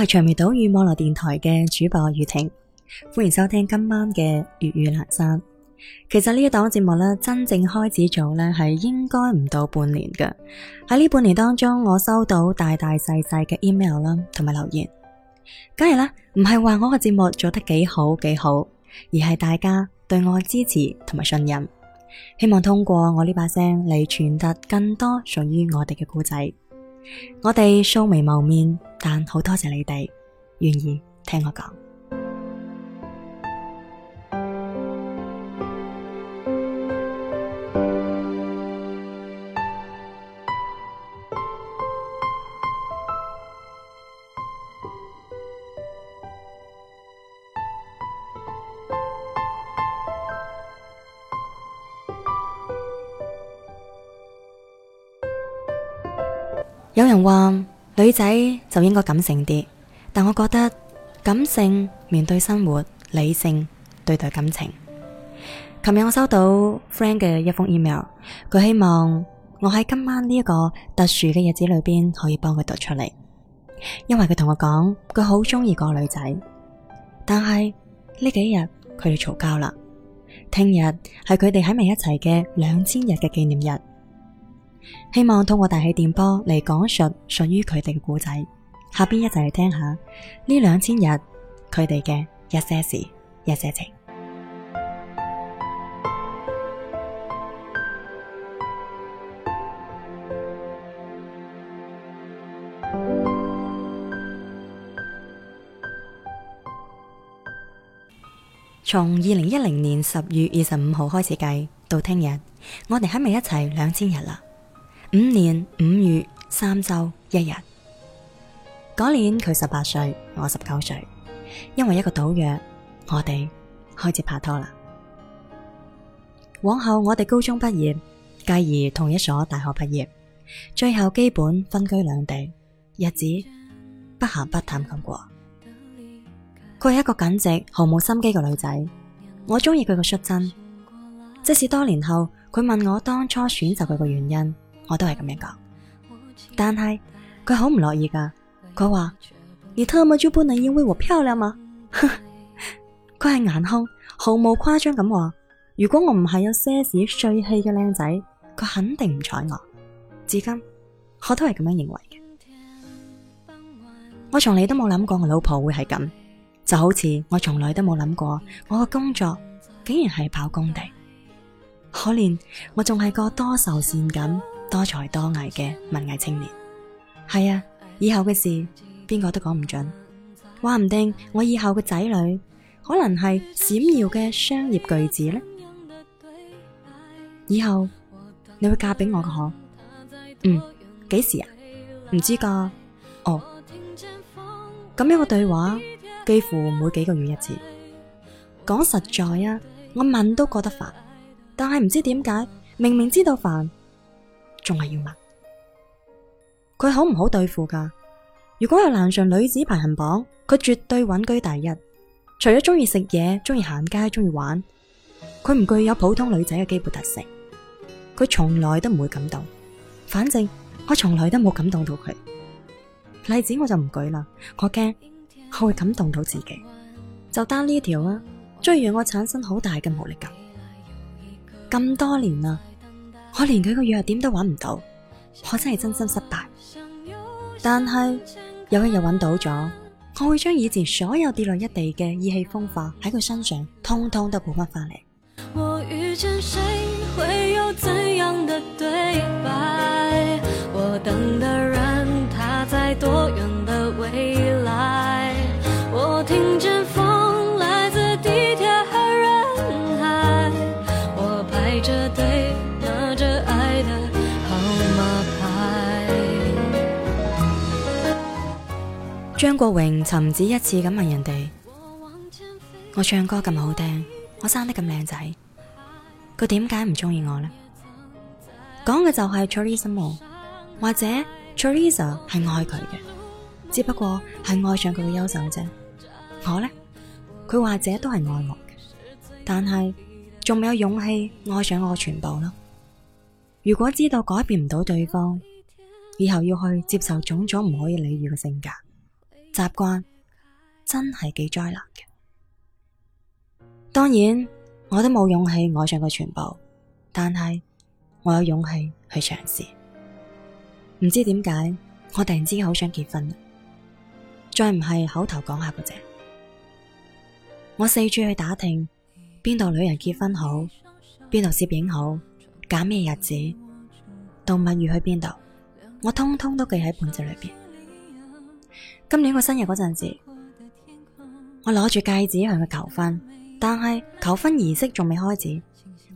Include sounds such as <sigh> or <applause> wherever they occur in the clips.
我係長尾島與網絡電台嘅主播宇婷，歡迎收聽今晚嘅粵語南山。其實呢一檔節目咧，真正開始做咧係應該唔到半年噶。喺呢半年當中，我收到大大細細嘅 email 啦，同埋留言。梗係啦，唔係話我個節目做得幾好幾好，而係大家對我嘅支持同埋信任。希望通過我呢把聲嚟傳達更多屬於我哋嘅故仔。我哋素未謀面。但好多謝你哋願意聽我講。 <music> 有人話。女仔就應該感性啲，但我覺得感性面對生活，理性對待感情。琴日我收到 friend 嘅一封 email，佢希望我喺今晚呢一個特殊嘅日子裏邊可以幫佢讀出嚟，因為佢同我講，佢好中意個女仔，但係呢幾日佢哋嘈交啦。聽日係佢哋喺埋一齊嘅兩千日嘅紀念日。希望通過大氣電波嚟講述屬於佢哋嘅故仔。下邊一齊嚟聽下呢兩千日佢哋嘅一些事，一些情。從二零一零年十月二十五號開始計，到聽日，我哋喺埋一齊兩千日啦。五年五月三周一日，嗰年佢十八歲，我十九歲。因為一個賭約，我哋開始拍拖啦。往後我哋高中畢業，繼而同一所大學畢業，最後基本分居兩地，日子不咸不淡咁過。佢係一個耿直、毫無心機嘅女仔，我中意佢嘅率真。即使多年後，佢問我當初選擇佢嘅原因。我都係咁樣講，但係佢好唔樂意噶。佢話：你特麼就不能因為我漂亮嗎？佢係 <laughs> 顏控毫無誇張咁話：如果我唔係有些子帥氣嘅靚仔，佢肯定唔睬我。至今我都係咁樣認為嘅。我從嚟都冇諗過我老婆會係咁，就好似我從來都冇諗過我嘅工作竟然係跑工地。可憐我仲係個多愁善感。多才多藝嘅文藝青年係啊，以後嘅事邊個都講唔準，話唔定我以後嘅仔女可能係閃耀嘅商業巨子呢。以後你會嫁俾我嘅嗬？嗯？幾時啊？唔知噶哦。咁樣嘅對話幾乎每幾個月一次。講實在啊，我問都覺得煩，但係唔知點解，明明知道煩。仲係要問佢好唔好對付噶？如果係難馴女子排行榜，佢絕對穩居第一。除咗中意食嘢、中意行街、中意玩，佢唔具有普通女仔嘅基本特性。佢從來都唔會感動，反正我從來都冇感動到佢。例子我就唔舉啦，我驚我會感動到自己。就單呢一條啊，足以讓我產生好大嘅無力感。咁多年啦。我連佢個弱點都揾唔到，我真係真心失敗。但係有一日揾到咗，我會將以前所有跌落一地嘅意氣風發喺佢身上，通通都補翻返嚟。我我遇見誰會有怎樣嘅對白？我等。張國榮曾唔止一次咁問人哋：我唱歌咁好聽，我生得咁靚仔，佢點解唔中意我呢？講嘅就係 Teresa Mo 或者 Teresa 係愛佢嘅，只不過係愛上佢嘅優秀啫。我呢，佢或者都係愛我，但係仲未有勇氣愛上我嘅全部咯。如果知道改變唔到對方，以後要去接受種種唔可以理喻嘅性格。習慣真係幾災難嘅。當然，我都冇勇氣愛上佢全部，但係我有勇氣去嘗試。唔知點解，我突然之間好想結婚，再唔係口頭講下嗰啫，我四處去打聽邊度旅遊結婚好，邊度攝影好，揀咩日子，度蜜月去邊度，我通通都記喺本子裏邊。今年我生日嗰陣時，我攞住戒指向佢求婚，但係求婚儀式仲未開始，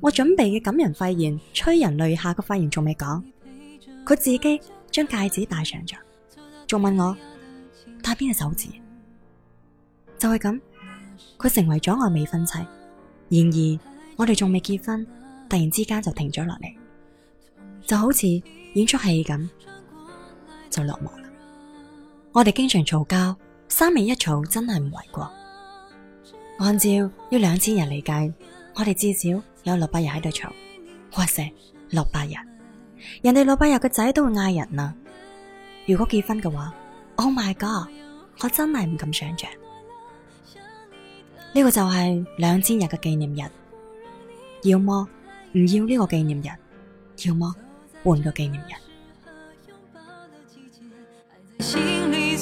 我準備嘅感人肺腑、催人淚下嘅發言仲未講，佢自己將戒指戴上咗，仲問我戴邊隻手指。就係咁，佢成為咗我未婚妻。然而我哋仲未結婚，突然之間就停咗落嚟，就好似演出戲咁就落幕。我哋經常嘈交，三尾一嘈真係唔為過。按照呢兩千日嚟計，我哋至少有六百日喺度吵。哇塞，六百日，人哋六百日嘅仔都會嗌人啦、啊。如果結婚嘅話，Oh my God，我真係唔敢想象。呢、這個就係兩千日嘅紀念日，要麼唔要呢個紀念日，要麼換個紀念日。 <noise>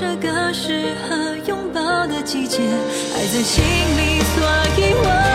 這個適合擁抱的季節，還在心裏，所以我。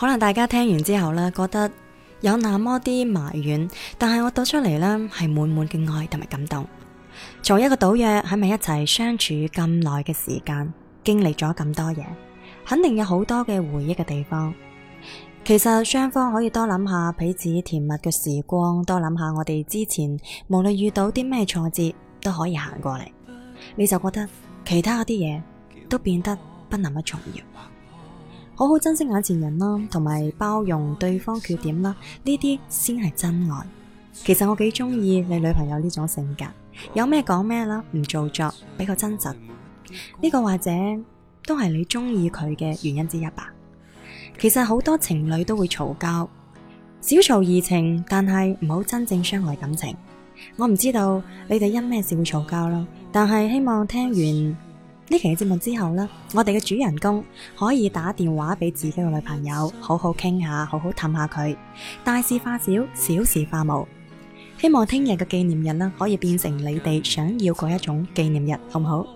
可能大家聽完之後咧，覺得有那麼啲埋怨，但係我讀出嚟呢係滿滿嘅愛同埋感動。從一個賭約，喺埋一齊相處咁耐嘅時間，經歷咗咁多嘢，肯定有好多嘅回憶嘅地方。其實雙方可以多諗下，彼此甜蜜嘅時光，多諗下我哋之前無論遇到啲咩挫折都可以行過嚟，你就覺得其他嗰啲嘢都變得不那麼重要。好好珍惜眼前人啦，同埋包容對方缺點啦，呢啲先係真愛。其實我幾中意你女朋友呢種性格，有咩講咩啦，唔做作，比較真實。呢個或者都係你中意佢嘅原因之一吧。其實好多情侶都會嘈交，小嘈怡情，但係唔好真正傷害感情。我唔知道你哋因咩事會嘈交啦，但係希望聽完。呢期嘅節目之後呢，我哋嘅主人公可以打電話俾自己嘅女朋友，好好傾下，好好氹下佢，大事化小，小事化無。希望聽日嘅紀念日呢，可以變成你哋想要嗰一種紀念日，好唔好？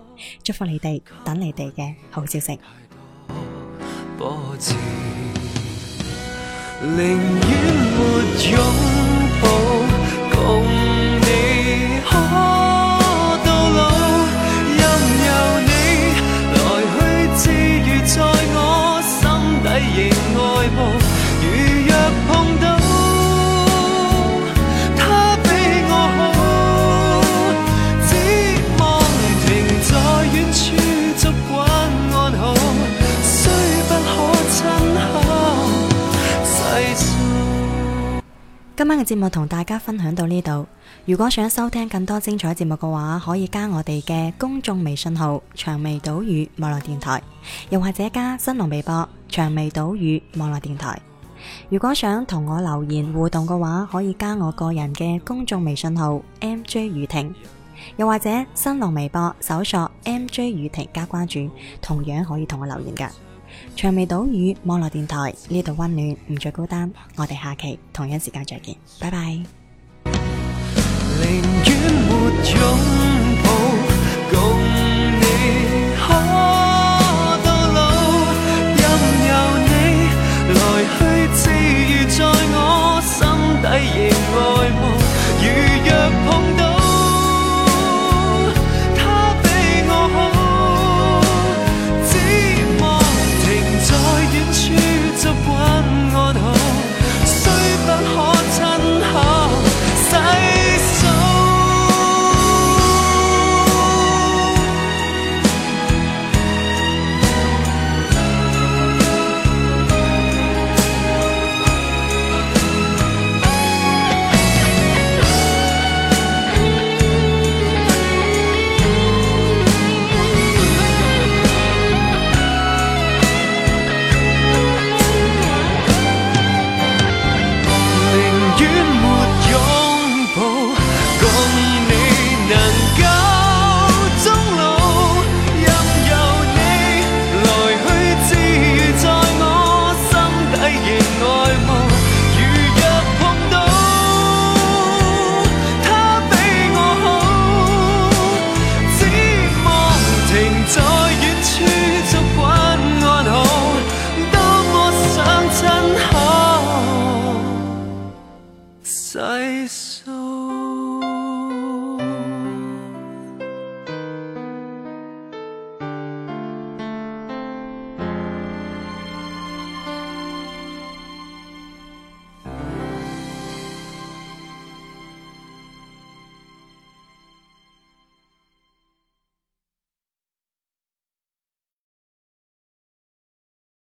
祝福你哋，等你哋嘅好消息。 <music> 今日節目同大家分享到呢度。如果想收聽更多精彩節目嘅話，可以加我哋嘅公眾微信號“長眉島嶼網絡電台”，又或者加新浪微博“長眉島嶼網絡電台”。如果想同我留言互動嘅話，可以加我個人嘅公眾微信號 “NJ 宇婷”，又或者新浪微博搜索 “NJ 宇婷”加關注，同樣可以同我留言㗎。長尾島語網絡電台呢度溫暖，唔再孤單。我哋下期同一時間再見，拜拜。 <music> <music>